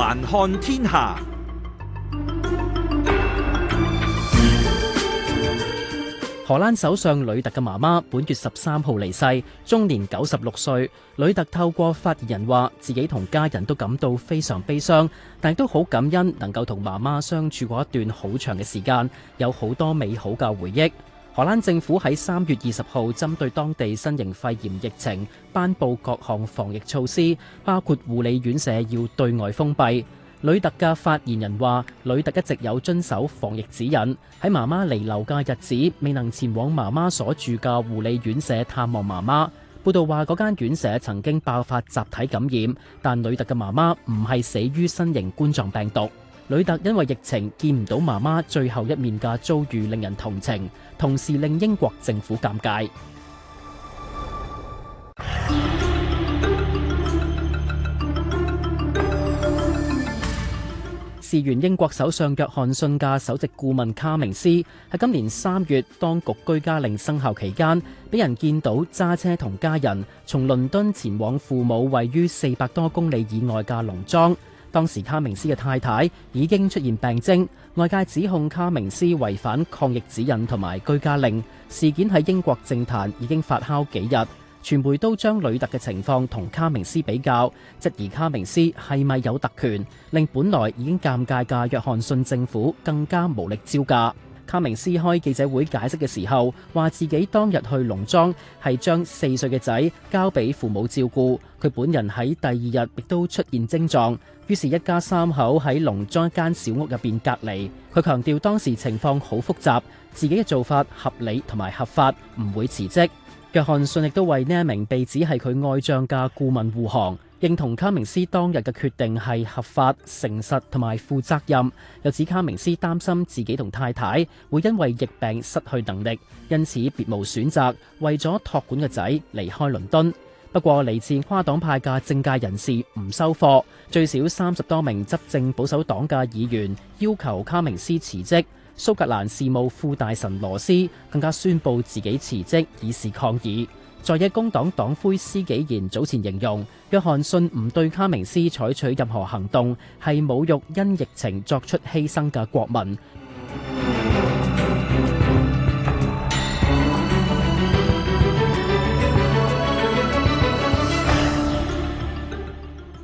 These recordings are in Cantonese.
環看天下，荷蘭首相呂特嘅媽媽本月十三號離世，終年九十六歲。呂特透過發言人話，自己同家人都感到非常悲傷，但都好感恩能夠同媽媽相處過一段好長嘅時間，有好多美好嘅回憶。荷蘭政府喺三月二十號針對當地新型肺炎疫情頒布各項防疫措施，包括護理院舍要對外封閉。呂特嘅發言人話：呂特一直有遵守防疫指引，喺媽媽彌留嘅日子未能前往媽媽所住嘅護理院舍探望媽媽。報道話嗰間院舍曾經爆發集體感染，但呂特嘅媽媽唔係死於新型冠狀病毒。呂特因為疫情見唔到媽媽最後一面嘅遭遇令人同情，同時令英國政府尷尬。事緣英國首相約翰遜嘅首席顧問卡明斯喺今年三月當局居家令生效期間，俾人見到揸車同家人從倫敦前往父母位於四百多公里以外嘅農莊。當時卡明斯嘅太太已經出現病徵，外界指控卡明斯違反抗疫指引同埋居家令。事件喺英國政壇已經發酵幾日，傳媒都將呂特嘅情況同卡明斯比較，質疑卡明斯係咪有特權，令本來已經尷尬嘅約翰遜政府更加無力招架。卡明斯開記者會解釋嘅時候，話自己當日去農莊係將四歲嘅仔交俾父母照顧，佢本人喺第二日亦都出現症狀，於是，一家三口喺農莊一間小屋入邊隔離。佢強調當時情況好複雜，自己嘅做法合理同埋合法，唔會辭職。約翰遜亦都為呢一名被指係佢愛將嘅顧問護航，認同卡明斯當日嘅決定係合法、誠實同埋負責任。又指卡明斯擔心自己同太太會因為疫病失去能力，因此別無選擇，為咗託管個仔離開倫敦。不過嚟自跨黨派嘅政界人士唔收貨，最少三十多名執政保守黨嘅議員要求卡明斯辭職。蘇格蘭事務副大臣羅斯更加宣布自己辭職，以示抗議。在野工黨黨魁施紀賢早前形容，約翰遜唔對卡明斯採取任何行動，係侮辱因疫情作出犧牲嘅國民。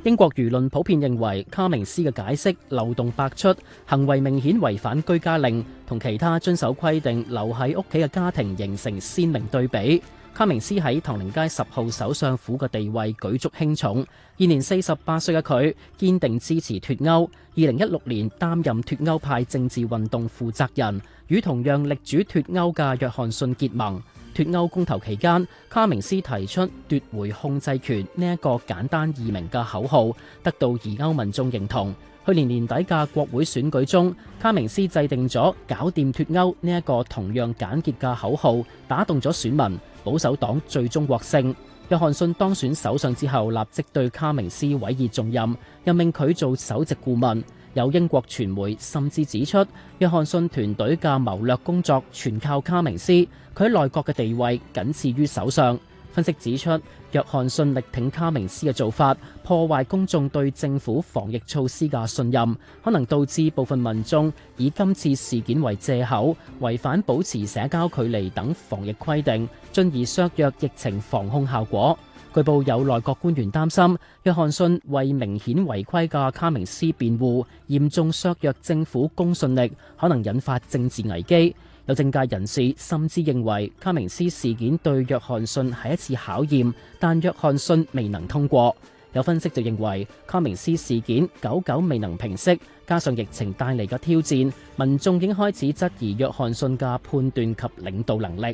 英國輿論普遍認為，卡明斯嘅解釋漏洞百出，行為明顯違反居家令，同其他遵守規定留喺屋企嘅家庭形成鮮明對比。卡明斯喺唐寧街十號首相府嘅地位舉足輕重，現年四十八歲嘅佢堅定支持脫歐，二零一六年擔任脫歐派政治運動負責人，與同樣力主脫歐嘅約翰遜結盟。脫歐公投期間，卡明斯提出奪回控制權呢一個簡單易明嘅口號，得到疑歐民眾認同。去年年底嘅國會選舉中，卡明斯制定咗搞掂脫歐呢一個同樣簡潔嘅口號，打動咗選民。保守黨最終獲勝。約翰遜當選首相之後，立即對卡明斯委以重任，任命佢做首席顧問。有英國傳媒甚至指出，約翰遜團隊嘅謀略工作全靠卡明斯，佢喺內閣嘅地位僅次於首相。分析指出，約翰遜力挺卡明斯嘅做法，破壞公眾對政府防疫措施嘅信任，可能導致部分民眾以今次事件為借口，違反保持社交距離等防疫規定，進而削弱疫情防控效果。據報有內閣官員擔心，約翰遜為明顯違規嘅卡明斯辯護，嚴重削弱政府公信力，可能引發政治危機。有政界人士甚至認為卡明斯事件對約翰遜，係一次考驗，但約翰遜未能通過。有分析就認為卡明斯事件久久未能平息，加上疫情帶嚟嘅挑戰，民眾已經開始質疑約翰遜嘅判斷及領導能力。